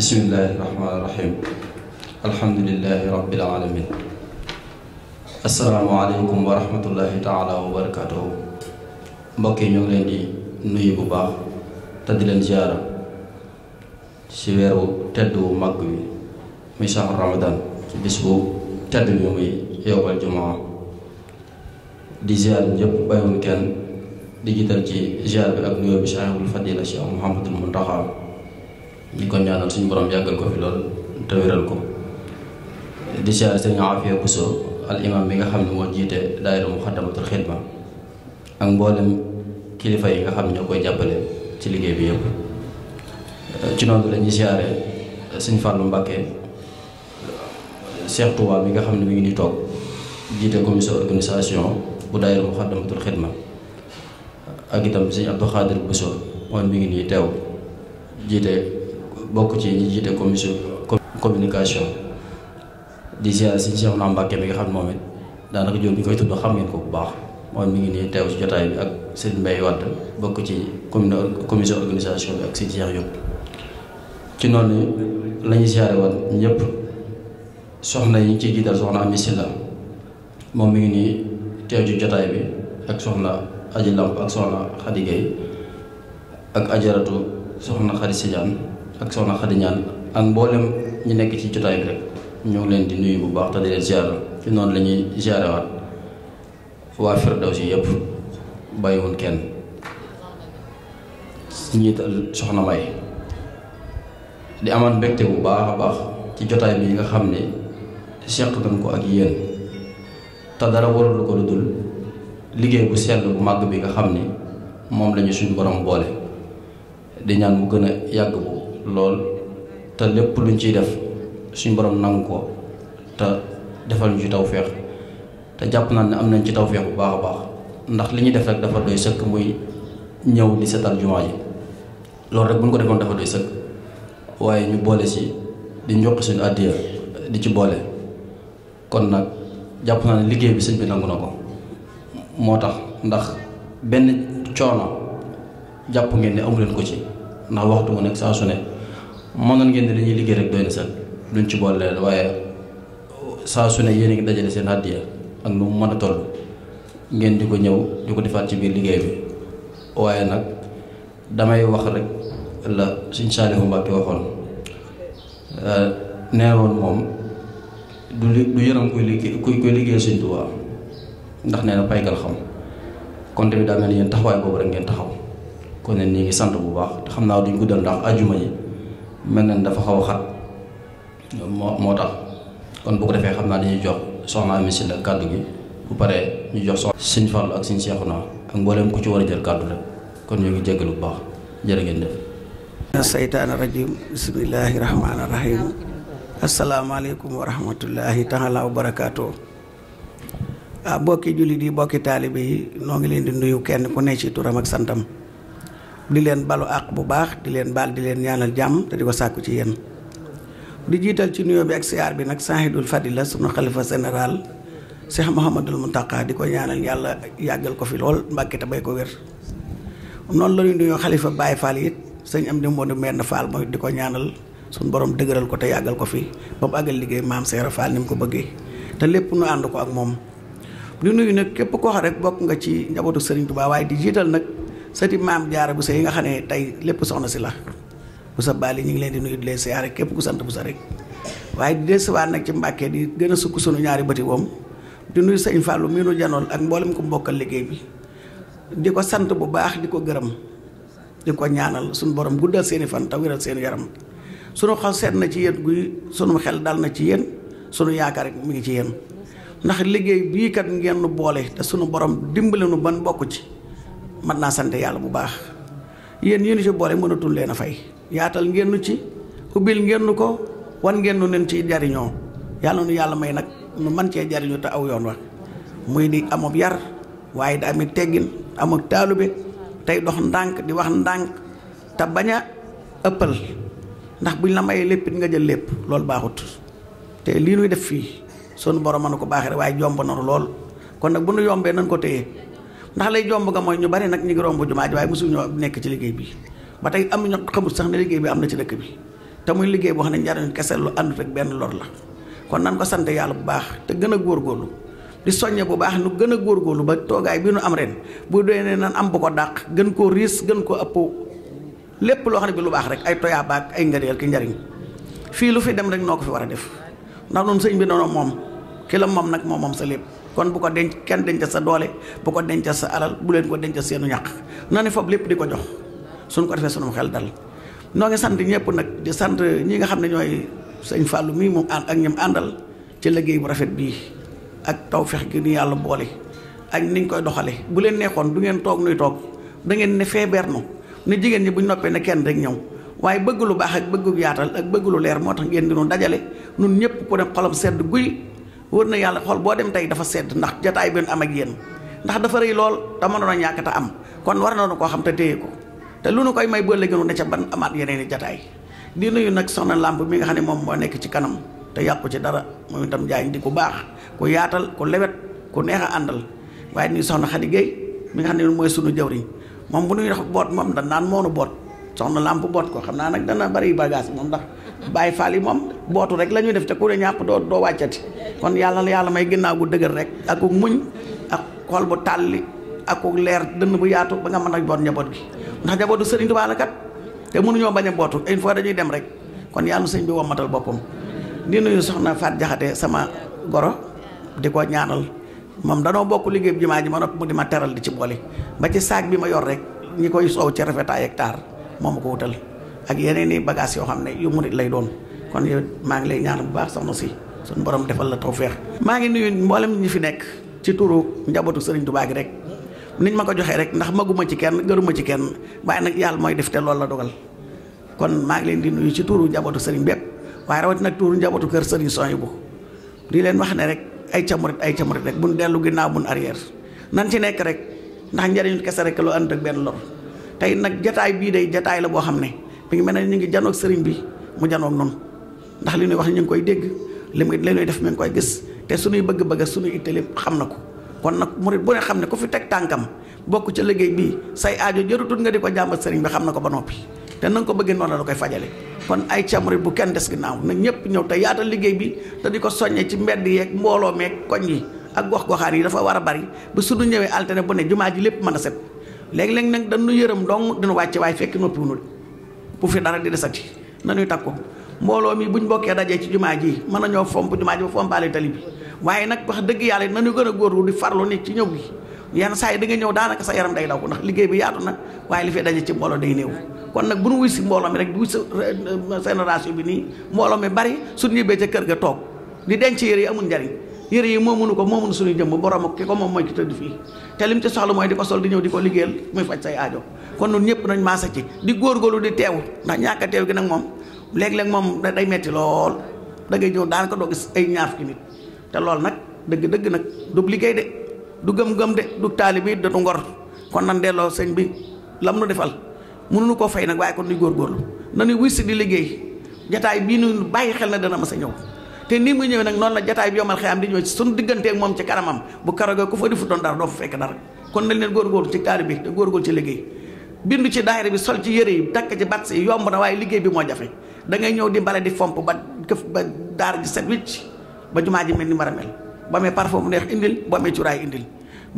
bismillahi rahmaani rahiim alhamdulillahi rabbil alamin assalaamu aleykum wa rahmatullahi wa barakatuhu mbokk yi ñoo leen di nuyu bu baax te leen ziara ci weeru tedd wu mag wi muy shahru ramadan ci bis bu tedd bi muy yowmal jumaa di ziar ñëpp bàyyiwuñ kenn di ci ziar bi ak nuyoo bi Cheikhul Fadila Cheikh Mouhamadul Muntaxa di ko ñaanal suñu boroom yàggal ko fi lool te wéral ko di siyaare sëriñ Afia Bousso al bi nga xam ne moo jiite daayira Muxaddamatul Xidma ak mboolem kilifa yi nga xam ñoo koy jàppale ci liggéey bi yëpp ci noonu la ñuy siyaare sëriñ Fàllu Mbàkke Cheikh Touba bi nga xam ne mi ngi ni toog jiite commission organisation bu daayira Muxaddamatul Xidma ak itam sëriñ Abdou Xaadir Bousso moom mi ngi nii teew jiite bokk ci ñi jiite commission communication di ziar si Cheikh Naa Mbàkke mi nga xam ne moom it daanaka jur ñu koy tudd xam ngeen ko bu baax moom mi ngi nii teew ci jotaay bi ak sëñ Mbaye Wade bokk ci commune commission organisation bi ak si Cheikh yëpp ci noonu la ñu soxna yi ñu ciy soxna Ami Silla moom mi ngi nii teew ci jotaay bi ak soxna Aji Lamp ak soxna Xadi Gay ak ajaratu soxna Xadi Sidiane ak soxna Khady Niane ak mboolem ñu nekk ci jotaay bi rek ñoo ngi leen di nuyu bu baax te di leen ci noonu la ñuy ziarewaat waa Firdawsi yëpp bàyyiwuñ kenn njiital soxna May di amaat mbégte bu baax a baax ci jotaay bi nga xam ne seq nañ ko ak yéen te dara waralu ko lu dul liggéey bu sell bu màgg bi nga xam ni moom lañu suñu borom boole di ñaan mu gën a yàgg bu lool te lépp luñ ciy def suñ borom nangu ko te defal ñu ci tawféex te jàpp naa ne am nañ ci tawféex bu baax a baax ndax li ñuy def rek dafa doy sëkk muy ñëw di seetal jumaa ji loolu rek bu ñu ko defoon dafa doy sëkk waaye ñu boole si di njoq seen àddiya di ci boole kon nag jàpp naa ne liggéey bi sëñ bi nangu na ko moo tax ndax benn coono jàpp ngeen ne amu leen ko ci ndax waxtu mu nekk saa su mënoon ngeen ne dañuy liggéey rek doy na seen duñ ci boole waaye saa su ne yéen a ngi dajale seen àddiya ak lu mu mën a toll ngeen di ko ñëw di ko defaat ci biir liggéey bi waaye nag damay wax rek la suñ Saalihu Mbàkke waxoon nee woon moom du li du kuy liggéey kuy liggéey Sëñ Tuubaa ndax nee na paygal xam kon tamit daa mel yeen yéen taxawaay boobu rek ngeen taxaw kon ne ñu sant bu baax xam naa duñ ko guddal ndax ajuma yi mel na dafa xaw a xat moo moo tax kon bu ko defee xam naa dañuy jox soxna Amy Sylla kàddu gi bu paree ñu jox soxna Sëñ Fallu ak Sëñ Seexuna ak mbooleem ku ci war a jël kàddu rek kon ñoo ngi jéggalu bu baax jërë ngeen def mina seytaani rajim bismillahi rahmaani rahim asalaamaaleykum wa rahmatullahi taala ah, bokki jullit yi bokki taalibe yi noo ngi leen di nuyu kenn ku ne ci turam ak santam di leen balu àq bu baax di leen baal di leen ñaanal jàmm te di ko sàkku ci yéen di jiital ci nuyoo bi ak siyaar bi nag saahidul fadila sunu xalifa général Cheikh Mouhamadul Mountakha di ko ñaanal yàlla yàggal ko fi lool mbàkke bay ko wér noonu la ñuy xalifa Baye Fall it sëñ am di mbondu menn Fall di ko ñaanal suñu borom dëgëral ko te yàggal ko fi ba mu àggal liggéey maam Seera Fall ni mu ko bëggee te lépp nu ànd ko ak moom di nuyu nag képp koo xam rek bokk nga ci njabootu Serigne Touba waaye di jiital nag sëti maam jaara bu sa yi nga xam ne tey lépp soxna si la bu sa baali ñu ngi leen di nuyu di leen siyaare képp ku sant bu sa rek waaye di desiwaat nag ci mbàkkee di gën a sukk sunu ñaari bëti woom di nuyu sëñ Fallou mii nu janool ak mboolem ko mbokkal liggéey bi di ko sant bu baax di ko gërëm di ko ñaanal suñu borom guddal seeni fan te wéral seeni yaram sunu xol seet na ci yéen guy sunu xel dal na ci yéen sunu yaakaar rek mu ngi ci yéen ndax liggéey bii kat ngeen boole te sunu borom dimbale nu ban bokk ci man naa sant yàlla bu baax yéen yéen ci boole mënatul leen a fay yaatal ngeen nu ci ubbil ngeen nu ko wan ngeen nu leen ciy jariñoo yàlla nu yàlla may nag nu man cee jariñu te aw yoon wa muy di amob yar waaye di amit teggin amag taalube tey dox ndànk di wax ndànk te bañ a ëppal ndax buñ la mayee lépp it nga jël lépp loolu baaxut te lii nuy def fii sunu borom mën na ko baaxee waaye jomb nanu lool kon nag bu nu yombee nañ ko téye ndax lay jomb nga mooy ñu bari nag ñu ngi romb jumaa ji waaye mosu ñoo nekk ci liggéey bi ba tey am ñu xamul sax ne liggéey bi am na ci dëkk bi te muy liggéey boo xam ne njariñ kese lu àndut ak benn lor la kon nan ko sant yàlla bu baax te gën a góor góorlu di soññe bu baax nu gën a góor góorgóorlu ba toogaay bi nu am ren bu dee ne nan am bu ko dàq gën koo riis gën koo ëpp lépp loo xam ne bi lu baax rek ay toyaaba ak ay ngëneel ki njariñ fii lu fi dem rek noo ko fi war a def ndax noonu sëñ bi noonu moom ki la nag moom moom sa lépp kon bu ko denc kenn denc sa doole bu ko denc sa alal bu leen ko denc seenu ñàq na ne foofu lépp di ko jox suñ ko defee sunu xel dal noo ngi sant ñëpp nag di sant ñi nga xam ne ñooy sëñ Fallou mii moom ànd ak ñoom àndal ci liggéey bu rafet bii ak tawfeex gi ñu yàlla boole ak niñ koy doxale bu leen neexoon du ngeen toog nuy toog da ngeen ne feebar nu ne jigéen ñi buñ noppee ne kenn rek ñëw waaye bëgg baax ak bëgg yaatal ak bëggulu leer moo tax ngeen di nu dajale nun ñëpp ku ne xolam sedd guy wër na yàlla xool boo dem tey dafa sedd ndax jataay bi am ak yéen ndax dafa rëy lool te mënoon a ñàkk am kon war na koo xam te téye ko te lu nu koy may boo léegi ne ca ban amaat yeneen i jataay di nuyu nag soxna làmp mi nga xam ne moom moo nekk ci kanam te yàqu ci dara moom itam jaay di ku baax ku yaatal ku lewet ku neex a àndal waaye nuyu soxna Xadi Géey mi nga xam ne mooy sunu jawriñ moom bu nuy boot moom da naan moonu boot soxna làmp boot ko xam naa nag dana bari bagage moom ndax bàyyi faal yi moom bootu rek la ñuy def te ku ne ñàpp doo doo wàccati kon yàlla la yàlla may ginnaaw gu dëgër rek ak muñ ak xol bu tàlli ak leer dënn bu yaatu ba nga mën a boot njaboot gi ndax njabootu sëriñ Tuubaa la kat te mënuñoo bañ a bootu une fois dañuy dem rek kon yàlla sëñ bi womatal boppam di nuyu soxna Faat Jaxate sama goro di ko ñaanal moom danoo bokk liggéey bi jumaa ji ma noppi mu di ma teral di ci boole ba ci saag bi ma yor rek ñi koy soow ci rafetaay hectare moom ko wutal ak yeneen i bagage yoo xam ne yu murit lay doon kon yow maa ngi lay ñaan bu baax soxna si suñu boroom defal la feex maa ngi nuyu mboolem ñu fi nekk ci turu njabootu Serigne Touba gi rek niñ ma ko joxee rek ndax maguma ci kenn gëruma ci kenn baax nag yàlla mooy def te loolu la dogal kon maa ngi leen di nuyu ci turu njabootu Serigne bépp waaye rawat nag turu njabootu kër Serigne Sohibou di leen wax ne rek ay ca murit ay ca murit rek buñ dellu ginnaaw buñ arrière nan ci nekk rek ndax njëriñu kese rek lu ànd benn lor tey nag jataay bii day jataay la boo xam ne mi ngi mel ne ñu ngi janook sëriñ bi mu janoog noonu ndax li ñuy wax ñu ngi koy dégg li muy li ñuy def mi ngi koy gis te suñuy bëgg-bëgg suñuy itte lépp xam na ko kon nag murit bu ne xam ne ku fi teg tànkam bokk ca liggéey bii say aajo jërutut nga di ko jàmbat sëriñ bi xam na ko ba noppi te na nga ko bëggee noonu la koy fajale kon ay ca murit bu kenn des ginnaaw na ñëpp ñëw te yaatal liggéey bi te di ko soññee ci mbedd yeeg mbooloo meeg koñ yi ak gox-goxaan yi dafa war a bari ba suñu ñëwee alterné bu ne jumaa ji lépp mën a set léegi-léeg nag dañu yërëm dong dina wàcce waaye fekk noppi wunu bu fi dara di desati nañuy ko mbooloo mi buñ bokkee dajee ci jumaa ji mën na nañoo fomp jumaa ji ba fompaale tali bi waaye nag wax dëgg yàlla na nañu gën a góorlu di farlu nit ci ñëw gi yenn saa yi da nga ñëw daanaka sa yaram day daw ndax liggéey bi yaatu na waaye li fi daje ci mbooloo day néew kon nag bu nu wuy si mbooloo mi rek wuy si eh, eh, génération bi nii mbooloo mi bari su ñibbee ca kër ga toog di denc yére yi amul njariñ yére yi moo mënu ko moo mënu suñu jëmm borom ak ko moom mooy ki tëdd fii te lim ci soxla mooy di ko sol di di ko liggéeyal muy faj say kon nun ñëpp nañ maasa ci di góorgóorlu di teew ndax ñàkk a teew gi nag moom léeg-léeg moom day metti lool da daanaka doo gis ay ñaaf ki nit te loolu nag dëgg-dëgg nag du liggéey de du gëm-gëm de du taali bi du ngor kon nan delloo sëñ bi lam nu defal mënuñu koo fay nag waaye kon góor góorgóorlu na nu wuy si di liggéey jataay bii nu bàyyi xel na dana ma sa ñëw te ni mu ñëwee nag noonu la jataay bi yomal xëyam di ñëw suñu digganteeg moom ci kanamam bu karagoo ku fa di fu doon dara doo fa fekk dara kon nañ leen góorgóorlu ci taari bi te góorgóorlu ci liggéey bindu ci daayira bi sol ci yëre yi takk ci bats yomb na waaye liggéey bi moo jafe da ngay ñëw di mbale di fomp ba këf ba daar ji set wicc ba jumaa ji mel ni mara mel ba amee parfum neex indil ba amee curaay indil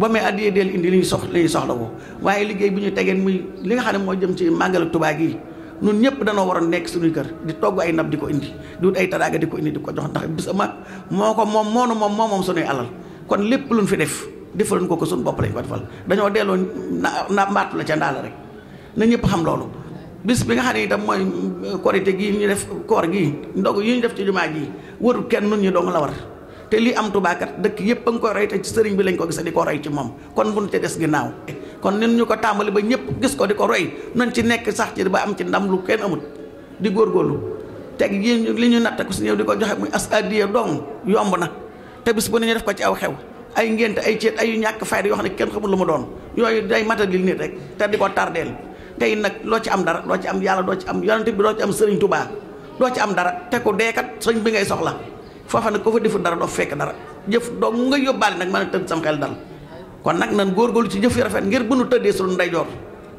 ba amee addiyee deel indil li ñu sox li soxla woo waaye liggéey bi ñu tegeen muy li nga xam ne moo jëm ci màggal Tuubaa gi ñun ñëpp danoo war a nekk suñuy kër di togg ay ndab di ko indi di wut ay taraga di ko indi di ko jox ndax bis ma moo ko moom moo moonu moom moo moom suñuy alal kon lépp luñ fi def defaluñ ko ko suñu bopp lañ ko defal dañoo delloo na mbaatu la ca ndaa la rek na ñëpp xam loolu bis bi nga xam ne itam mooy korite gii ñu def koor gi ndog yi ñu def ci jumaa ji wëru kenn nun ñu doonga la war te li am tubaakat dëkk yëpp a nga koy roy te ci sëriñ bi lañ ko gisee di ko roy ci moom kon buñ ci des ginnaaw kon nin ñu ko tàmbali ba ñëpp gis ko di ko roy nañ ci nekk sax ci ba am ci ndam lu kenn amut di góorgóorlu teg yi li ñu natt ko si ñëw di ko joxe muy as adiya yomb na te bis bu ne ñu def ko ci aw xew ay ngénte ay ceet ay ñàkk fayda yoo xam ne kenn xamul lu ma doon yooyu day matadil nit rek te di ko tardeel tey nag loo ci am dara loo ci am yàlla doo ci am yonent bi doo ci am sëriñ Tuubaa doo ci am dara te ku deekat sëriñ bi ngay soxla foofa nag ko fa defu dara doo fekk dara jëf doo nga yóbbaale nag mën a tëdd sam xel dal kon nag nan góorgóorlu ci jëf yu rafet ngir bu nu tëddee suñu ndeyjoor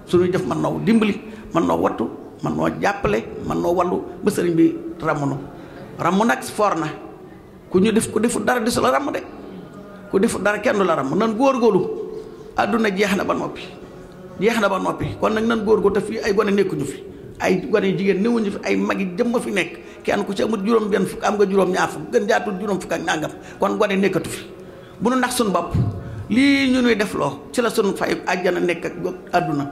suñuy jëf mën noo dimbali mën noo wattu mën noo jàppale mën noo wallu ba sëriñ bi ramu nu ramu nag foor na ku ñu def ku defu dara di su la ramm de ku defu dara kenn du la ramm nan góor góorgóorlu àdduna jeex na ba noppi jeex na ba noppi kon nag nan góorgóorlu te fii ay gone nekkuñu fi ay gone jigéen ñu fi ay mag yi jëmm fi nekk kenn ku ci amut juróom benn fukk am nga juróom ñaar fukk gën jaatul juróom fukk ak nangam kon gone nekkatu fi bu nu ndax suñu bopp lii ñu nuy def loo ci la suñu fay àjjana nekk ak àdduna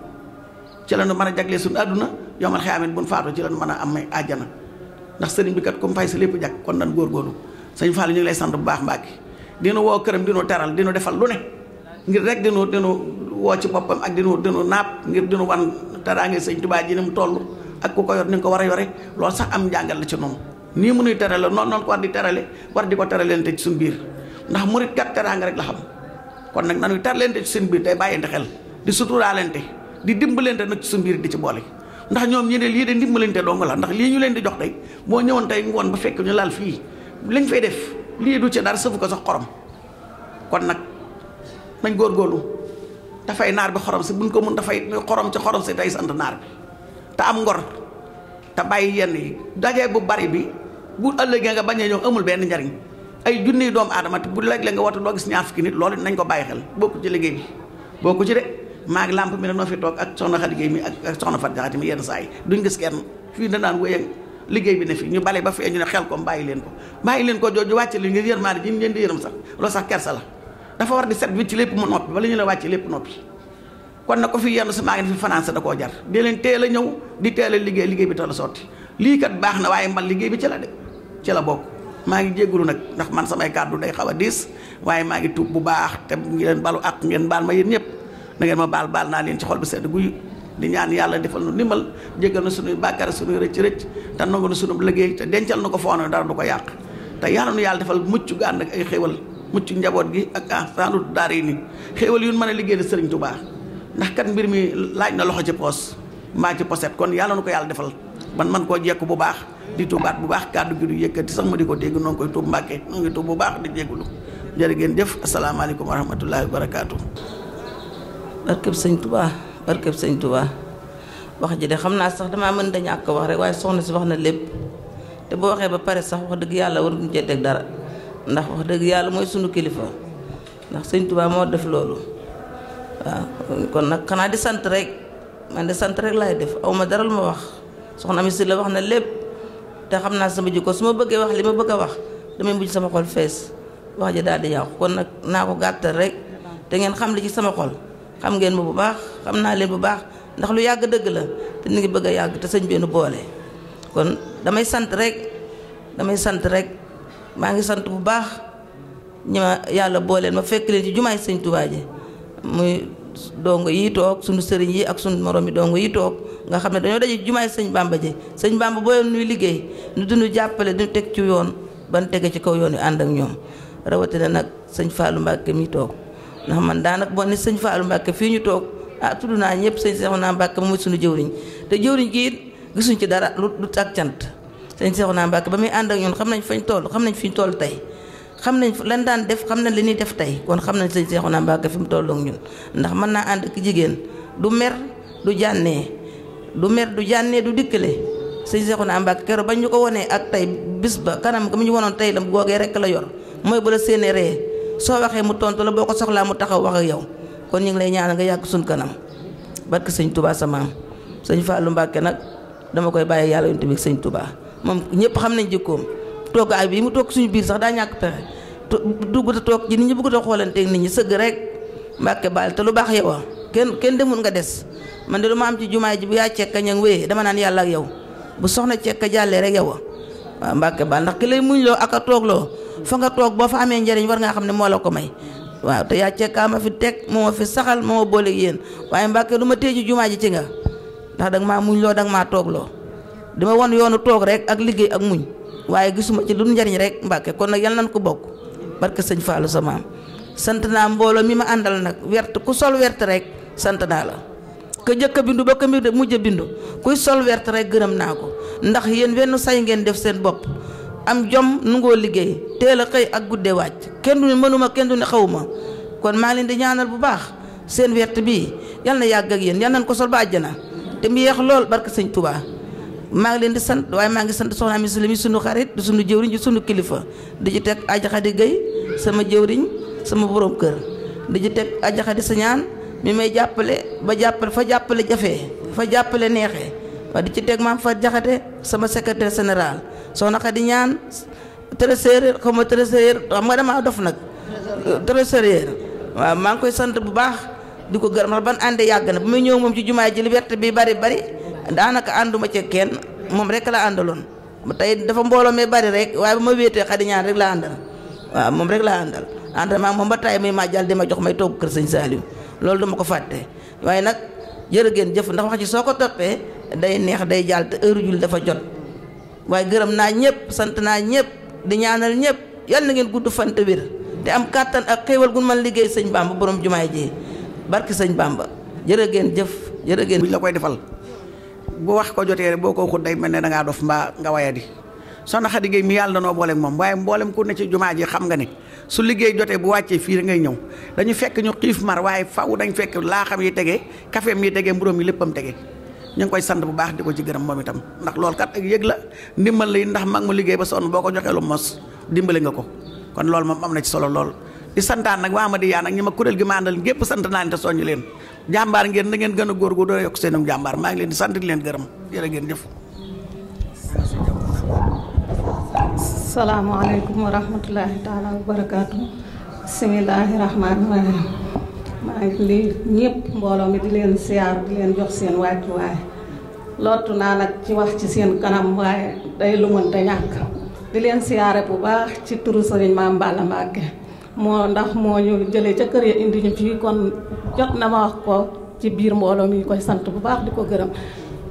ci la nu mën a jaglee suñu àdduna yomal xeyaamet buñ faatu ci la nu mën a am may àjjana ndax sëriñ bi kat comme fay sa lépp jag kon nan góorgóorlu sëñ Fall ñu lay sant bu baax mbaaki dinu woo këram dinu teral dinu defal lu ne ngir rek dinu dinu woo ci boppam ak dinu dinu naap ngir dinu wan teraange sëñ Tuubaa ji ni mu toll ak ku ko yor ni ko war a yore loolu sax am njàngal la ci noonu nii mu nuy terale noonu noonu di terale war di ko teralente ci suñu biir ndax murit kat teraanga rek la xam kon nag nanuy teralente ci suñu biir day bàyyente xel di suturaalente di dimbalente nag ci suñu biir di ci boole ndax ñoom ñi ne lii de dimbalante dong la ndax lii ñu leen di jox tey boo ñëwoon tey ngoon ba fekk ñu laal fii lañ fay def lii du ci dara sëfu ko sax xorom kon nag nañ góorgóorlu dafay naar bi xorom si buñ ko mun dafay xorom ci xorom si day sant naar bi te am ngor te bàyyi yenn yi daje bu bari bi bu ëllëgee nga bañ a ñëw amul benn njariñ ay junniy doomu aadama te bu léeg-léeg nga watu doo gis ñaar fukki nit loolu nañ ko bàyyi xel bokku ci ci de maa làmp mi ne fi toog ak soxna Xadi Géey mi ak soxna Fat Jaxate mi yenn saa yi duñ gis kenn fii danaan wéyeg liggéey bi ne fii ñu bale ba fee ñu ne xel ko bàyyi leen ko bàyyi leen ko jooju wàcce li ngir yërmaande ji ñu leen sax loolu sax dafa war di set wicc lépp mu noppi wala ñu la wàcc lépp noppi kon na ko fi yenn su maa ngi fi finance da koo jar di leen teel a ñëw di teel a liggéey liggéey bi teel a sotti lii kat baax na waaye man liggéey bi ci la de ci la bokk maa ngi jéggalu nag ndax man samay kàddu day xaw a diis waaye maa ngi tuub bu baax te ngeen balu ak ngeen baal ma yéen ñëpp na ngeen ma baal baal naa leen ci xol bu sedd guy di ñaan yàlla defal nu ndimbal jéggal na sunuy bàkkaar sunuy rëcc rëcc te nangu na sunu liggéey te dencal na ko foo xam ne dara ko yàq te yàlla nu yàlla defal mucc gu ànd ak ay xéwal mucc njaboot gi ak ahsanul daarayni xéewal yu mën a liggéeyal sëriñ Tuubaa ndax kat mbir mi laaj na loxo ci poos mbaa ci poset kon yàlla na ko yàlla defal man man koo jekku bu baax di tuubaat bu baax kàddu gi du yëkkati sax ma di ko dégg noonu koy tuub mbàkke noo ngi tuub bu baax di jéggulu jërë ngeen jëf asalaamaaleykum wa rahmatullahi wa barakaatu sëñ tubaa barkeb sëñ Tuubaa wax ji de xam naa sax damaa mën da ñàkk wax rek waaye soxna si wax na lépp te boo waxee ba pare sax wax dëgg yàlla war ñu jëndee dara ndax wax dëgg yàlla mooy sunu kilifa ndax sëñ Tuubaa moo def loolu waaw kon nag xanaa di sant rek man di sant rek laay def aw ma dara lu ma wax soxna mi si la wax na lépp te xam naa sama jikko su ma bëggee wax li ma bëgg a wax damay mujj sama xol fees wax ji daal di yàqu kon nag naa ko gàttal rek te ngeen xam li sama xol xam ngeen ma bu baax xam naa leen bu baax ndax lu yàgg dëgg la te ni ngi bëgg a yàgg te sañ benn boole kon damay sant rek damay sant rek maa ngi sant bu baax ñi ma yàlla booleel ma fekk leen ci jumaay sëñ Tuubaa ji muy dongo yi toog sunu sëriñ yi ak sunu moromi dongo yi toog nga xam ne dañoo daje jumaay sëñ Bamba ji sëñ boo booyoon nuy liggéey nu duñu jàppale duñu teg ci yoon ban tege ci kaw yoon wi ànd ak ñoom rawatina nag sëñ Fallou Mbacke mi toog ndax man daanaka boo ne sëñ Fallou Mbacke fii ñu toog ah tudd naa ñëpp sëñ Cheikhouna Mbacke mooy sunu jëwriñ te jëwriñ ci dara lu lu sëñ Seexuna Mbàkke ba muy ànd ak ñun xam nañ fañ toll xam nañ fi ñu toll tey xam nañ lan daan def xam na li ñuy def tey kon xam nañ sëñ Seexuna Mbàkke fi mu toll ak ñun ndax mën naa ànd ak jigéen du mer du jànnee du mer du jànnee du dikkale sëñ Seexuna Mbàkke keroog bañ ñu ko wonee ak tey bis ba kanam ga mu ñu wonoon tey la googee rek la yor mooy ba la séenee ree soo waxee mu tontu la boo ko soxlaa mu taxaw wax ak yow kon ñu ngi lay ñaanal nga yàgg suñ kanam barke sëñ Touba sa maam sëñ Fallou nag dama koy bàyyi yàlla yonent bi moom ñëpp xam nañ jikkoom toogaay bi mu toog suñu biir sax daa ñàkk pexe dugg te toog ji nit ñi bëgg a xoolanteeg nit ñi sëgg rek mbàkke baal te lu baax yow ah kenn kenn demul nga des man de lu ma am ci jumaa ji bu yaa cekka ña ngi wéyee dama naan yàlla ak yow bu soxna cekka jàllee rek yow ah waaw mbàkke baal ndax ki lay muñ loo ak a toog loo fa nga toog boo fa amee njariñ war ngaa xam ne moo la ko may waaw te yaa cekkaa ma fi teg moo ma fi saxal moo ma booleeg waaye mbàkke lu ma téye ci jumaa ji ci nga ndax danga maa muñ loo maa toog di ma won yoonu toog rek ak liggéey ak muñ waaye gisuma ci lu njariñ rek mbàkke kon nag yal nan ko bokk barke sëñ Fallou sa maam sant naa mbooloo mi ma àndal nag wert ku sol wert rek sant naa la ka jëkk a bindu ba ka mujj a bindu kuy sol wert rek gërëm naa ko ndax yéen wenn say ngeen def seen bopp am jomm nu liggéey teel a xëy ak guddee wàcc kenn du ne mënuma kenn du ne xawuma kon maa leen di ñaanal bu baax seen wert bii yal na yàgg ak yéen yal ko sol ba àjjana te mu maa ngi leen di sant waaye maa ngi sant soxna mi si mi sunu xarit di sunu jëwriñ di sunu kilifa di ci teg Adja Khady Gueye sama jëwriñ sama borom kër di ci teg Adja Khady Sagnane mi may jàppale ba jàppale fa jàppale jafe fa jàppale neexee waaye di ci teg maam fa jaxade sama secrétaire général soxna Khady ñaan trésorier xaw ma trésorier xam nga damaa dof nag trésorier waaw maa ngi koy sant bu baax di ko gërëm ndax ban àndee yàgg na bu may ñëw moom ci jumaay ji liberté bi bari daanaka ànduma ci kenn moom rek la àndaloon tey dafa mbooloo mee bari rek waaye bu ma wéetee xadi ñaan rek laa àndal waaw moom rek laa àndal àndal maa moom ba tay muy ma jàll di ma jox may toog kër sëñ Saliou loolu dama ko fàtte waaye nag jërë ngeen jëf ndax wax soo ko toppee day neex day jàll te heure dafa jot waaye gërëm naa ñëpp sant naa ñëpp di ñaanal ñëpp yal na ngeen gudd fan te te am kàttan ak xéewal gu man liggéey sëñ Bamba borom jumaay ji barki sëñ Bamba jërë ngeen jëf jërë ngeen buñ la koy defal bu wax ko jotee boo ko xut day mel ne da dof mbaa nga wayadi soxna Xadi Géey mi yàlla danoo booleeg moom waaye mboolem ku ne ci jumaa ji xam nga ne su liggéey jotee bu wàccee fii da ngay ñëw dañu fekk ñu xiif mar waaye faw dañ fekk laa xam yi tegee kafeem yi tegee mburóom yi léppam tegee ñu ngi koy sant bu baax di ko ci gërëm moom itam ndax loolu kat ak yëg la ndimbal la ndax mag mu liggéey ba sonn boo ko joxee lu mos dimbale nga ko kon loolu moom am na ci solo lool santaan nag waa ma di yaa nag ñi ma kuréel gi ma gépp sant naa leen leen jàmbaar ngeen na gën a góor gu doo yokk seenum jàmbaar maa ngi leen di sant leen gërëm jërë ngeen jëf. salaamaaleykum wa rahmatulahi taala wa barakaatu. bisimilahi rahmaani maa ngi lii ñëpp mbooloo mi di leen siyaar di leen jox seen wàccuwaay lottu naa nag ci wax ci seen kanam waaye day lu mënta ñàkk di leen siyaare bu baax ci turu sëriñ Maam Balla Mbàkke moo ndax moo ñu jëlee ca kër ya indi ñu fii kon jot na ma wax ko ci biir mbooloo mi koy sant bu baax di ko gërëm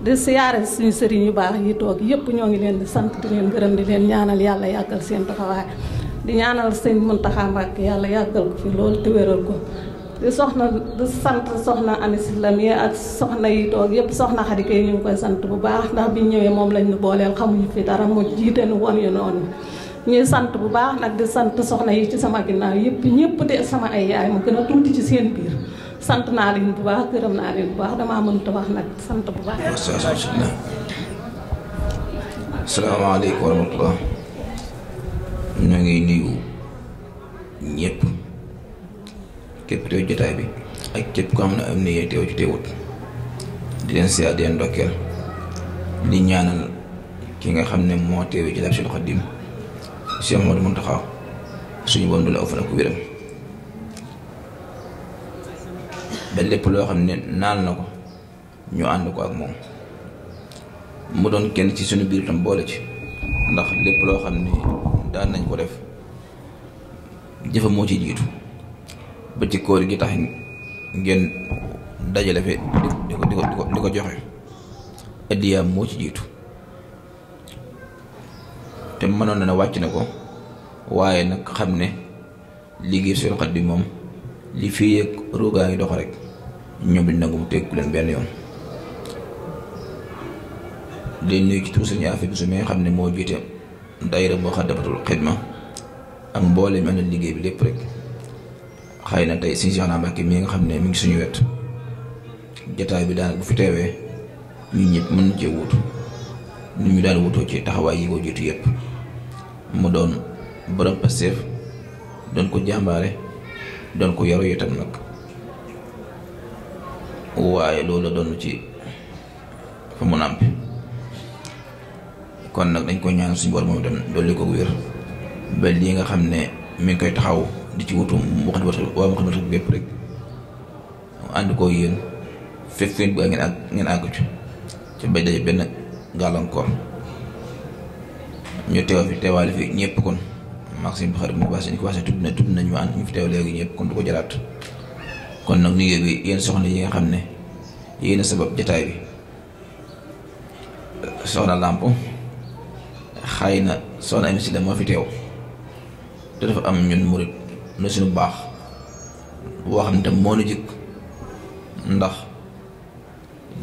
di siyaare suñu sëriñ yu baax yi toog yëpp ñoo ngi leen di sant di leen gërëm di leen ñaanal yàlla yàggal seen taxawaay di ñaanal sëñ Muntaxa Mbàkke yàlla yàggal ko fi loolu te wéral soxna sant soxna Anis Lamie ak soxna yi toog yëpp soxna xadike yi ñu koy sant bu baax ndax bi ñëwee moom lañ ñu booleel xamuñu fi dara mu jiite nu woon yu noonu ñuy sant bu baax nag di sant soxna yi ci sama ginnaaw yëpp ñëpp de sama ay yaay mu gën a tuuti ci seen biir sant naa leen bu baax gërëm naa leen bu baax damaa mënut a wax nag sant bu baax. asalaamaaleykum wa rahmatulah. ñu ngi nuyu ñëpp képp teew jotaay bi ak képp ko xam ne am na yéen teew ci teewut di leen siyaare di leen ndokkeel di ñaanal ki nga xam ne moo teew ci laaj si Xaadim Cheikh Mouhamadou Mountakha suñu bon du la aw fan ak wéram. lépp loo xam ne naan na ko ñu ànd ko ak moom mu doon kenn ci suñu biir tam boole ci ndax lépp loo xam ne daan nañ ko def jëfa moo ci jiitu ba ci kóor gi tax ngeen dajale fi di ko di ko joxe addiyaam moo ci jiitu te mënoon na ne wàcc na ko waaye nag xam ne li liggéey Seexul Xadiim moom li fii yëg ruugaa ngi dox rek ñoom bi nangu mu ku leen benn yoon léegi nuyu ci tur suñu affaire bi su may xam ne moo jiite daayira boo xam dafatul xidma ak mboolem ànd liggéey bi lépp rek xëy na tey Sëriñ Seexuna Mbàkke mi nga xam ne mi ngi suñu wet jataay bi daanaka bu fi teewee ñu ñëpp mën na cee wuutu nu ñu daan wutoo ci taxawaay yi ko jiitu yépp mu doon borom Pastef doon ko jàmbaare doon ko yaru itam nag. waaye loolu la doon ci fu mu nàmpi kon nag dañ ko ñaan suñu borom moom itam dolli ko wér ba lii nga xam ne mi ngi koy taxaw di ci wutu wax waa wax dëgg yëpp rek ànd koo yéen fépp fépp ba ngeen àgg ngeen ci ci bay daje benn gàllankoor ñu teew fi teewaale fi ñëpp kon maxime bi xarit mu baas ñu ko waxee tudd na tudd nañu ànd ñu fi teew léegi ñëpp kon du ko jëlaat. kon nag nuyoo bi yéen soxna yi nga xam ne yéen a sabab jataay bi soxna làmp xay na soxna am si moo fi teew te dafa am ñun murit na suñu baax boo xam ne tam moo nu jëkk ndax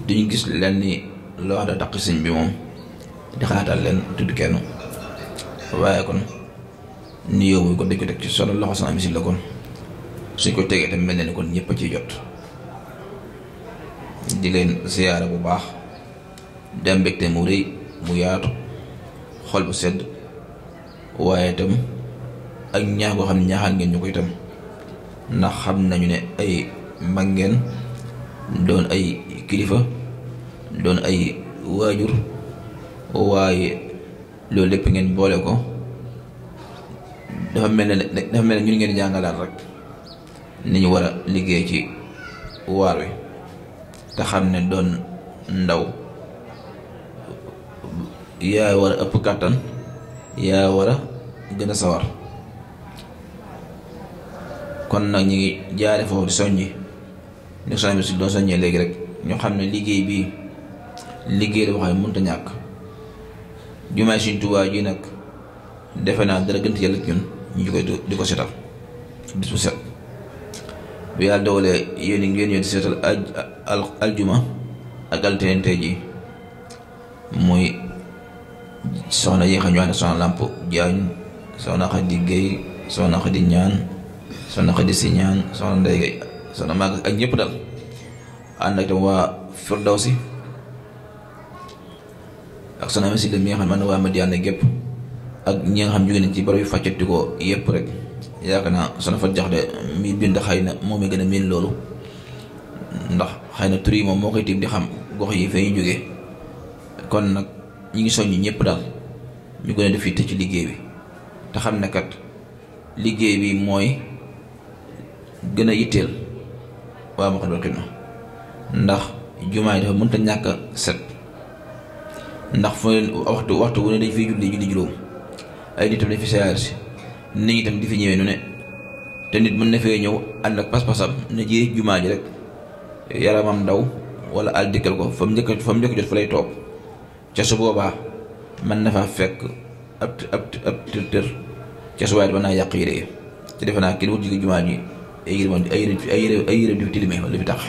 duñu gis lenn ni xam ne taq sëñ bi moom di xalaatal leen tudd kenn waaye kon nuyoo bu ko dëkk teg soxna loxo soxna am si la kon suñ ko tegee tamit mel na ni kon ñëpp a ciy jot di leen ziyaara bu baax di am mu rëy mu yaatu xol bu sedd waaye tam ak ñaax goo xam ne ñaaxaan ngeen ñu ko itam ndax xam nañu ne ay mag ngeen doon ay kilifa doon ay waajur waaye loolu lépp ngeen boole ko dafa mel ne dafa mel ne ñun ngeen jàngalaat rek. ni ñu war a liggéey ci waar wi te xam ne doon ndaw yaa war ëpp kàttan yaa war a gën a sawar kon nag ñu ngi jaare foofu di yi ni soñ bi si doon soññee léegi rek ñu xam ne liggéey bii liggéey la waxee mënut ñàkk jumaay Sëriñ Tuubaa ji nag defe naa dara gënt yàlla ñun ñu di ko di ko setal bis bu set bu yàlla dogalee yéen i ngeen ñëw di seetal al aljuma ak altine tey ji mooy soxna yéexa ñuwaan soxna làmp jaañ soxna xadi géy soxna xadi ñaan soxna xadi si ñaan soxna ndey gay soxna màgg ak ñëpp dal ànd ak tam waa firdawsi ak soxna mi mi nga xam ne man waa Madiyaana gépp ak ñi nga xam jóge nañ ci barab yu fàccati ko rek yaakaar naa sona fa jox de mi bind xay na moom ma gën a miin loolu ndax xëy na tur yi moom moo koy tiim di xam gox yi fa ñu jógee kon nag ñi ngi soññ ñëpp daal ñu gën a def yitte ci liggéey bi te xam ne liggéey bi mooy gën a yitteel waa Moukhaddamatoul ndax jumaa yi dafa mënta ñàkk a set ndax fu waxtu waxtu wu ne dañ fiy julli julli juróom ay nitam dañ fi seyaar si nit ñi tam di fi ñëwee nu ne te nit mën na fee ñëw ànd ak pas-pasam ne ji jumaa ji rek yaramam daw wala al dikkal ko fa mu njëkk fa mu njëkk jot fa lay toog ca su boobaa mën na faa fekk ab ab ab tër tër ca su waaye naa yàq yére yi te defe naa kenn wut jigi jumaa ay yére ay yére ay yére tax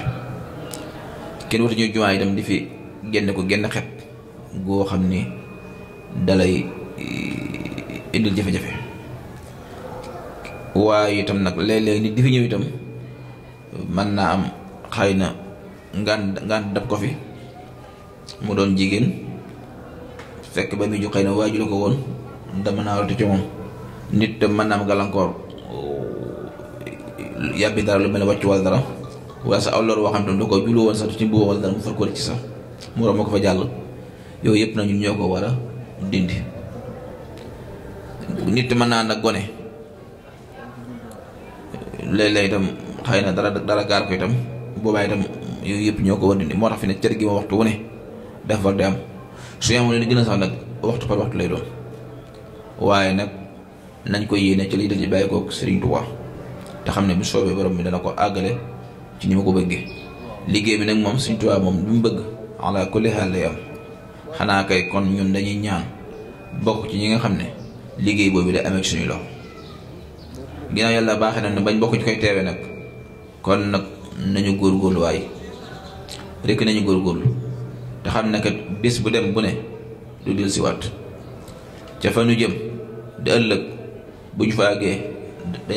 kenn ñu jumaa yi tam di fi genn ko genn xet goo xam ni dalay eh, indil jafe-jafe waaye itam nag léeg-léeg nit di fi ñëw itam mën naa am xëy na ngaan ngaan dab ko fi mu doon jigéen fekk ba muy ju xëy na waajur ko woon dama naa rotu ci moom nit itam mën naa am gàllankoor yàbbi dara lu mel ne wàccu wala dara wala woo xam ne da woon sax ci mbubb wala ci sax mu romb jàll yooyu yëpp na ñun ñoo mën naa nag gone léeg-léeg itam xëy na dara dara gaar ko itam boobaa itam yooyu yëpp ñoo ko war dindi moo tax fi ne cër gi ma waxtu wu ne def war di am su ñu amoon li gën a sax nag waxtu par waxtu lay doon waaye nag nañ ko yéene ci liy dal ci bàyyi koog Serigne Touba te xam ne bu soobee borom bi dana ko àggale ci ni ma ko bëggee liggéey bi nag moom Serigne Touba moom du mu bëgg ala kulli haal lay am xanaa kay kon ñun dañuy ñaan bokk ci ñi nga xam ne liggéey boobu day amee suñu loxo. ginnaaw yàlla baaxee na bañ bokk ci koy teewee nag kon nag nañu góor góorluwaay rekk nañu góor góorlu te xam ne bis bu dem bu ne du dil si waat ca fa nu jëm di ëllëg bu ñu fa àggee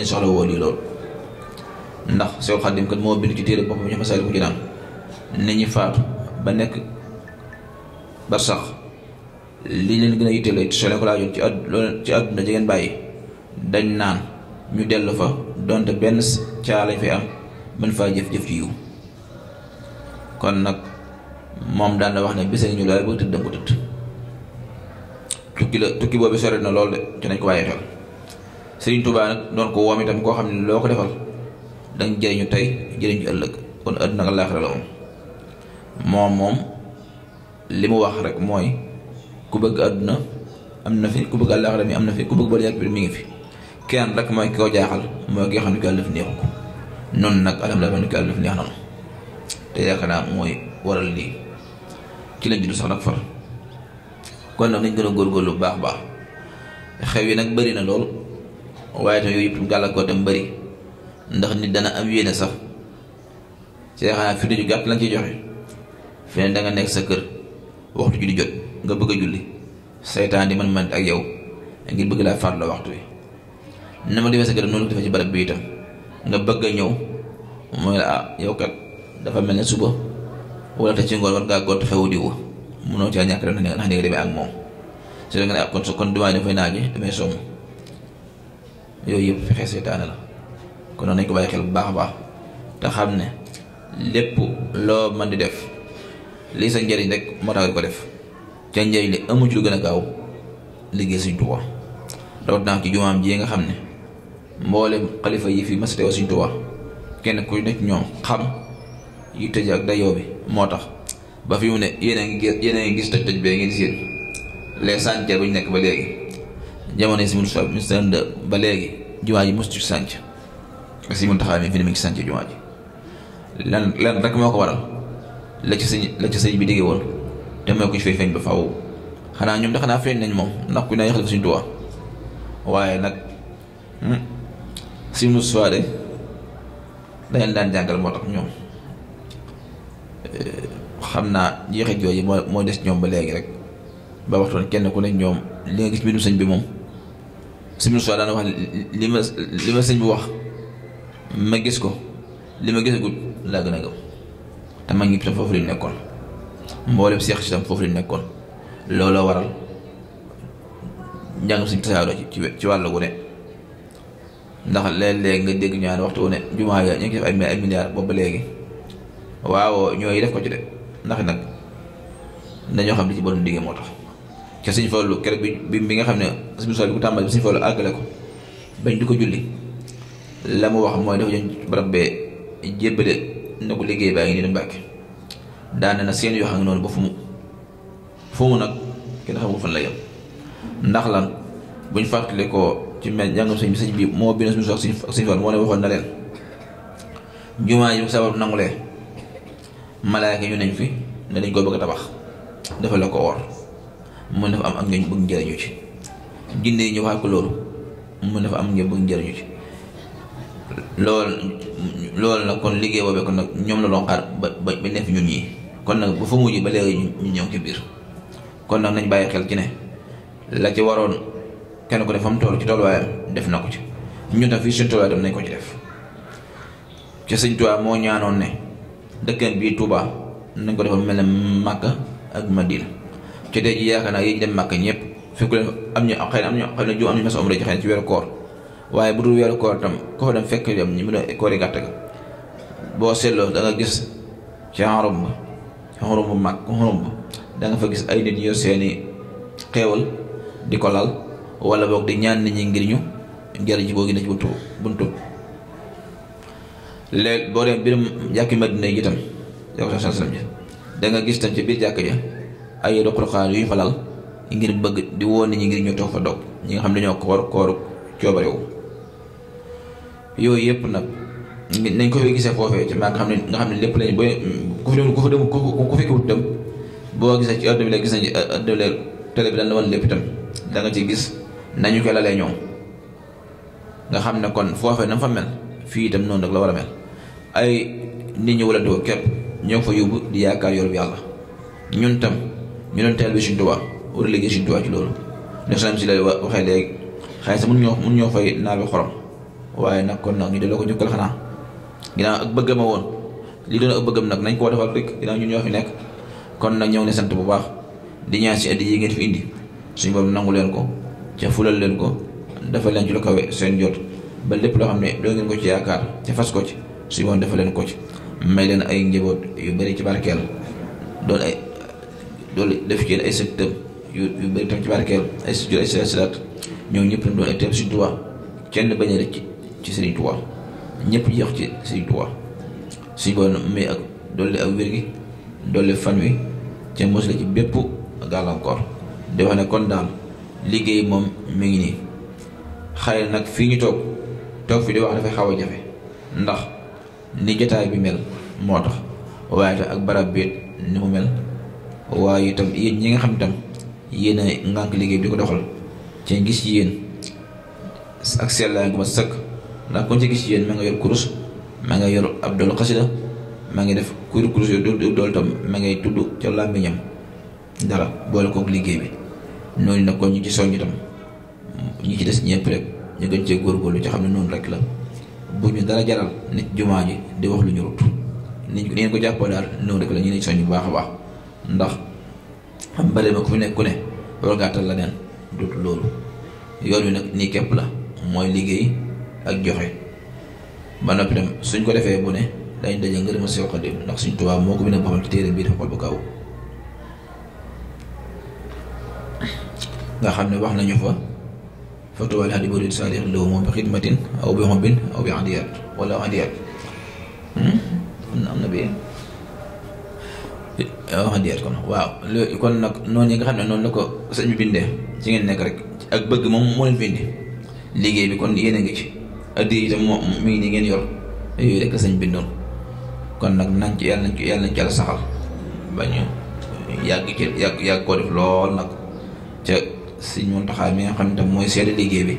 soxla woo lii lool ndax soo xaddim kat moo bind ci téere boppam ñu masaali ko ci naan ne ñu faatu ba nekk ba sax li leen gën a yitteel ci soo leen ko laajoon ci àdduna ci àdduna bàyyi dañ naan ñu dellu fa donte benn caa lañ fi am mën faa jëf-jëf ci yiw kon nag moom daan wax ne bés ñu daal ba tëdd ko tëdd tukki la tukki boobu sore na lool de ci nañ ko bàyyi xel Sëriñ Tuubaa nag doon ko woom itam koo xam ne loo ko defal danga jëriñu tey jëriñu ëllëg kon àdduna ak laaxira moom moom moom li mu wax rek mooy ku bëgg àdduna am na fi ku bëgg àllaaxira mi am na fi ku bëgg ba yàgg bi mi ngi fi kenn rek mooy ki ko jaaxal mooy ki nga xam ne ko yàlla def neexu ko noonu nag alhamdulilah ni ko yàlla def neex na te yaakaar mooy waral lii ci lañ judd sax nag far kon nag nañ gën a góorgóorlu bu baax baax xew yi nag bari na lool waaye tam yooyu yëpp gàllankoor tam bëri ndax nit dana am sax ci yaakaar naa lañ ciy joxe feneen da nekk sa kër waxtu julli jot nga bëgg a julli saytaan di man man ak yow ngir bëgg laa faat la waxtu wi na ma defee sa ci barab bi itam nga bëgg a ñëw mooy la ah yow kat dafa mel ne suba wala te ci ngoon war ngaa gont xewu diwu munoo caa ñàkk dem ndax nga demee ak moom su dee nga ne ah, kon kon damaa ñëw fay naaj bi damay somm yooyu yëpp fexe seetaane la kon nañ ko bàyyi xel bu baax a baax te xam ne lépp loo man di def lii sa njëriñ rek moo tax ko def ca njëriñ li amu ci lu gën a gaaw liggéey suñu Tuubaa rawatina ci jumaam nga xam ne. mboolem xalifa yi fi mas teew Sëñ Tuubaa kenn ku nekk ñoom xam yi tëj ak dayoo bi moo tax ba fi mu ne yéen a ngi yéen a gis tëj tëj bee ngeen seen les chantiers bu ñu nekk ba léegi jamono si ministère ministère ba léegi jumaa ji mosu ci sànc si mun taxaw mi ngi sànc jumaa ji lan rek moo ko waral la ci sëñ sëñ bi digge woon te mooy ko ci ba faaw xanaa ñoom de xanaa feeñ nañ moom ndax ku ne xalifa Sëñ waaye nag hmm, si Moussa de dañ daan jàngal moo tax ñoom eh, xam naa jeexit yooyu moo moo des ñoom ba léegi rek ba waxtoon kenn ku ne ñoom li nga gis mbindum sëñ bi moom si Moussa daan wax li ma li ma sëñ bu wax ma gis ko li ma gisagul laa gën a gëm te ma ngi tam foofu lañ nekkoon mboolem seex si tam foofu lañ nekkoon loolu la waral njàngam sëñ tasaaroo ci ci wàllu gu ndax léeg-léeg nga dégg ñaan waxtu ne jumaa ya ñu ngi def ay ay boobu ba léegi waaw ñooy def ko ci de ndax nag dañoo xam li ci borom digge moo tax ca suñ foolu keroog bi bi nga xam ne suñu sol bi tàmbali bi suñu fallu àggale ko bañ du ko julli la mu wax mooy def jëm barab bee jébbale na ko liggéey baa ngi daane na seen yoo xam ne noonu ba fu mu fu mu nag kenn xamul la yem ndax lan buñ fàttali ko ci mel njàngam sëñ bi sëñ bi moo bind suñu sox ak sëñ Fall moo ne waxoon na leen jumaa yi sabab nangulee malaaka ñu nañ fi ne dañ koo bëgg a tabax dafa la ko woor mu ne fa am ak ngeen bëgg njëriñu ci jinne yi ñu waxaat ko loolu mu ne fa am ci loolu loolu nag kon liggéey boobee kon nag ñoom la doon xaar ba ba ba nekk ñu ñii kon nag bu fa mujj ba léegi ñu ñëw ci biir kon nag nañ bàyyi xel ci ne la ci waroon kenn ku ne fa mu toll ci tolluwaayam def na ko ci ñu tam fii suñu tolluwaay dem nañ ko ci def ci sëñ Tuubaa moo ñaanoon ne dëkkam bii Tuubaa nañ ko defal mel ne Màkka ak Madina ci tey ji yaakaar naa yi dem Màkka ñëpp fi ku leen am ñu xëy na am ñu xëy na ju ci xëy na ci weeru koor waaye bu dul weeru koor tam ko fa dem fekk dem ñu mu ne koori gàtt ga boo seetloo da gis ci xarum ma ci xarum bu fa gis ay nit yor seeni xeewal di ko lal wala boog di ñaan nit ñi ngir ñu jëriñ ci boogi na ci buntu buntu léegi boo dem biirum jàkki Madina yi itam da nga gis tam ci biir jàkk ja ay ruq yu ñu fa lal bëgg di woo nit ñi ngir ñu fa dog ñi nga xam ne dañoo koor kooru coobarewu yooyu yëpp nag nañ ko fay gisee foofee maa nga xam ne nga xam ne lépp lañ ba ku fi dem ku fa dem ku fi dem boo gisee ci àdduna bi la gis nañ ci àdduna bi la télé bi daan na wan lépp tam da ci gis nañu ko lalee ñoom nga xam ne kon foofee na fa mel fii itam noonu rek la war a mel ay nit ñi wala dugg képp ñoo fa yóbbu di yaakaar yor yàlla ñun tam ñu doon teel bi Sëriñ Tuubaa war a liggéey Sëriñ Tuubaa ci loolu. ndax sam si la waxee léegi xëy sa mun ñoo mun ñoo fay naar bi xorom waaye nag kon nag ñu delloo ko njukkal xanaa ginnaaw ak ma woon li doon ak bëggam nag nañ koo defal rek ginnaaw ñun ñoo fi nekk kon nag ñoo ngi sant bu baax di ñaan si fi indi suñu borom nangu leen ko. ca fulal leen ko dafa leen ci lu kawe seen jot ba lépp loo xam ne doo ngeen ko ci yaakaar te fas ko ci suñu moom dafa leen ko ci may leen ay njaboot yu bari ci barkeel doon ay doolu def ci ay secteur yu yu bari tam ci barkeel ay sujur ay silaat ñoo ñëpp doon ay teel Sëriñ kenn bañ a rëcc ci Sëriñ Tuubaa ñëpp jeex ci Sëriñ Tuubaa suñu boon may ak doole ak wér gi doole fan wi ca mos la ci bépp gàllankoor di wax ne kon daal liggéey moom mi ngi nii xale nag fii ñu toog toog fi di wax dafay xaw a jafe ndax ni jotaay bi mel moo tax waaye itam ak barab bi ni mu mel waaye itam yéen ñi nga xam tam yéen a ngànk liggéey bi di ko doxal ci gis yéen ak sellaay gu ma sëkk ndax kon ci gis yéen ma nga yor kurus ma ngi yor ab doolu xasida ma ngi def kur kurus yooyu doolu tam ma ngay tudd ca làmmiñam dara boole kook liggéey bi noonu nag kon ñu ci soññ itam ñi ci des ñëpp rek ñu gën cee lu ci xam ne noonu rek la bu ñu dara jaral nit jumaa ji di wax lu ñu rut nit ñi ngeen ko jàppoo daal noonu rek la ñu ne soññ bu baax a baax ndax bari ma ku fi nekk ku ne war ngaa la neen dut loolu yoon wi nag nii képp la mooy liggéey ak joxe ba noppi tam suñ ko defee bu ne dañ daje a Seex Xaadim ndax suñ tubaab moo ko bindee boppam ci téere bii dafa xol bu kaw nga xam ne wax nañu fa fa tubaab hadi murid saalix lahu moom bi xidmatin aw bi xobbin aw bi hmm? am na bi aw adiyaat kon waaw loolu kon nag noonu yi nga xam ne noonu la ko sëñ bi bindee ci ngeen nekk rek ak bëgg moom moo leen bindee liggéey bi kon yéen a ngi ci addi itam moom mi ngi nii ngeen yor yooyu rek sëñ bindoon kon nag nañ ci yàlla nañ ci yàlla nañ ci yàlla saxal bañu yàgg ci yàgg koo def lool nag ca sëñ Muntaxa mi nga xam ne tam mooy seede liggéey bi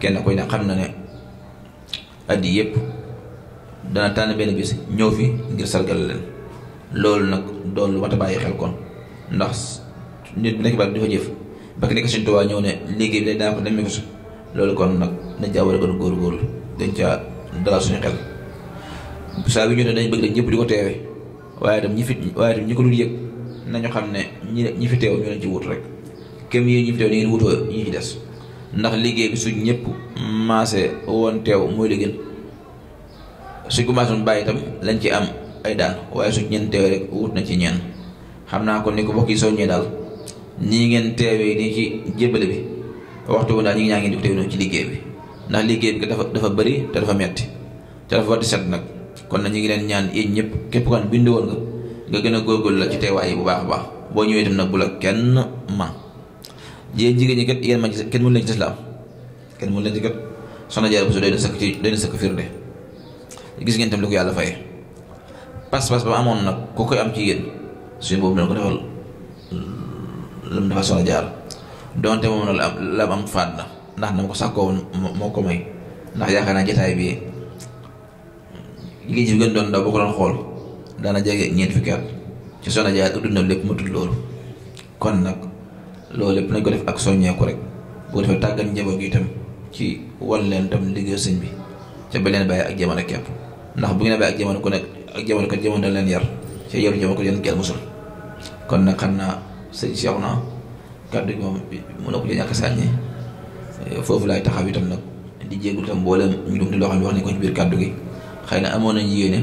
kenn koy ne xam na ne at yi yëpp dana tànn benn bis ñëw fi ngir sargal leen loolu nag doon lu a bàyyi xel kon ndax nit bi nekk ba di fa jëf ba ki nekk sëñ Tuubaa ñëw ne liggéey bi day daa ko demee ko si loolu kon nag dañ jaawale gën a góorgóorlu dañ caa dalal suñu xel saa bi ne dañ bëgg dañ ñëpp di ko teewe waaye tam ñi fi waaye tam ñi ko dul yëg nañu xam ne ñi ñi fi teew ñu leen ci wut rek kem yi ñu fi teew ni ngeen wutoo ñi ci des ndax liggéey bi suñ ñëpp maase woon teew mooy li gën suñ ko maasoon bàyyi itam lañ ci am ay daan waaye suñ ñeen teew rek wut na ci ñeen xam naa kon ni ko bokk yi soññee daal ñii ngeen teewee nii ci jébbale bi waxtu daal ñi ngi ñaa ngeen di teew noonu ci liggéey bi ndax liggéey bi dafa dafa bëri te dafa metti te dafa war set nag kon na ñu ngi leen ñaan yéen ñëpp képp kan bind woon nga nga a góorgóorlu la ci teewaay bu baax a boo ñëwee itam nag bu la kenn yéen jigéen ñi kat yéen man kenn mënu leen ci lislaam kenn mënu leen ci kat soxna Jaara Buso doy na sëkk ci doy gis ngeen tam yàlla fayee pas-pas ba amoon nag ku koy am ci yéen boobu dana ko defal lu mu defal soxna Jaara donte moom nag am faat na ndax na ma ko moo ko may ndax yaakaar naa jataay ji fi doon ndaw boo xool daana jege ñeent fukki at ci soxna Jaara dund loolu kon nag loolu lépp nañ ko def ak soññeeku rek boo defee tàggat njaboot gi itam ci wan leen itam liggéey sëñ bi ca ba leen bàyyi ak jamono képp ndax bu ngeen bàyyi ak jamono ko nekk ak jamono ko jamono leen yar ca yaru jamono ko leen kenn musul kon nag xam naa sëñ Cheikh naa kàddu gi moom mën na ko eh, foofu laay taxaw itam di jéegul itam mboolem njuum di loo xam ne wax ko ci biir kàddu gi xëy na amoon nañ yéene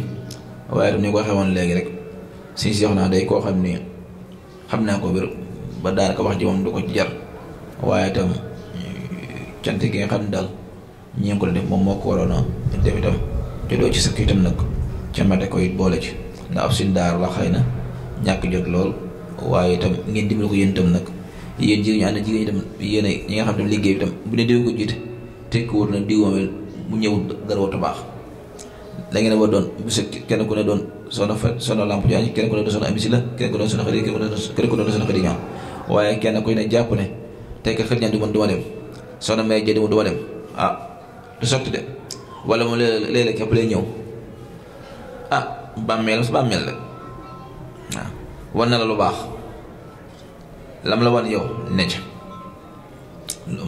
waaye itam ni ko waxee woon léegi rek sëñ Cheikh naa day koo xam ne xam naa ko wér ba daanaka wax ji moom du ko jar waaye itam cant gi nga xam ne daal ñi ngi ko def moom moo ko waroon a def itam te doo ci sëkk itam nag ca mate ko it boole ci ndax ab suñ daar la xëy na ñàkk jot lool waaye itam ngeen dimbali ko yéen itam nag yéen jigéen ñi ànd jigéen ñi itam yéen ñi nga xam ne liggéey bi itam bu ne diw ko jiite tekki wut na diw moom mu ñëwul dara a baax da ngeen war doon bisu kenn doon soxna fa soxna lamp jaañ kenn ku ne doon soxna amisi la kenn ku kenn ku ne waaye kenn kuy ne jàpp ne te kat xëy na du ma du ma dem soxna May jënd du ma dem ah du sotti de wala moom léeg-léeg képp lay ñëw ah bàmmeel su bàmmeel la waaw ah, wan na la lu baax lam la wan yow ne ca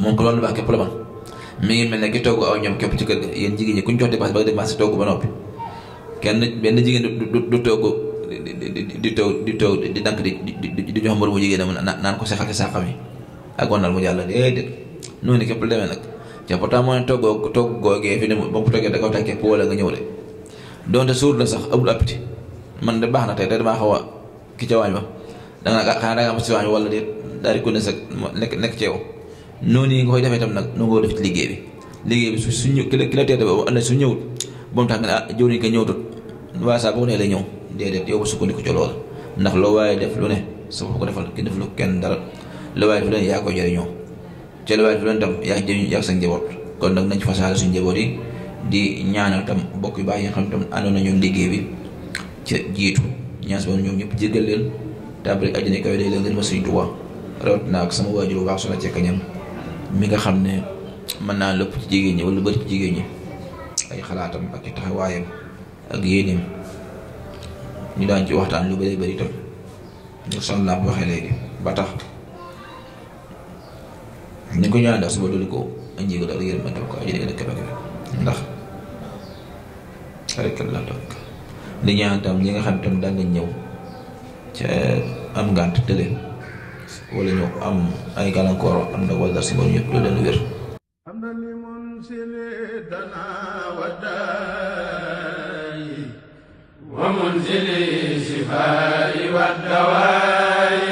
moom ko la mi ngi mel ne ki togg aw ñoom képp ci kër yéen jigéen ñi ku ñu jox dépense ba dépense togg ba noppi kenn benn jigéen du du du togg. di toog di toog di dànk di di jox mbër mu jigéen mu naan ko sexal ci saaxam yi ak wonal mu jàll déedéet noonu képp lu demee nag te pourtant moo ne toggoo toog ba mu toggee da ko tàkkee pour wala nga ñëw de donte suur na baax na tey da damaa a ki ca waañ ba danga nag xanaa danga am si waañ wala déet daal di ko ne sa nekk nekk ci yow noonu yi nga koy defee tam nag nu nga ko def ci liggéey bi liggéey bi su su ñëw ki la teete ba am na su ñëwut ba mu tax nga ne ah jëw nañ ko ñëwatut waaye saa boo nee lay ñëw déedéet yow ko ci loolu ndax loo waaye def lu ne sa bopp ko defal ki def lu kenn dara loo waaye def lu ne yaa ko jëriñoo te loo waaye def lu ne tam yaa jëriñu yaa sa njaboot kon nag nañ fasaale suñu njaboot yi di ñaanal tam bokk yu baax yi nga xam tam àndoon na ñoom liggéey bi ca jiitu ñaan si ñoom ñëpp jéggal leen tàbbal àjjana kawe day leen gën ma suñu Tuubaa rawat naa ak sama waajur waa baax suna cekka mi nga xam ne mën naa lépp ci jigéen ñi wala lu bëri ci jigéen ñi ay xalaatam ak ci ak yéeneem ñu daan ci waxtaan lu bari bari tam ñu sonn naa waxee léegi ba tax ñu ko ñaa daal suba dolli ko indi ko daal di yërmande ko aji dëgg dëkk ndax rek tam ñi nga xam tam daan ñëw ca eh, am ngànt tële wala ñu am ay gàllankoor am na wala moom ñëpp loolu leen ومنزل الشفاء والدواء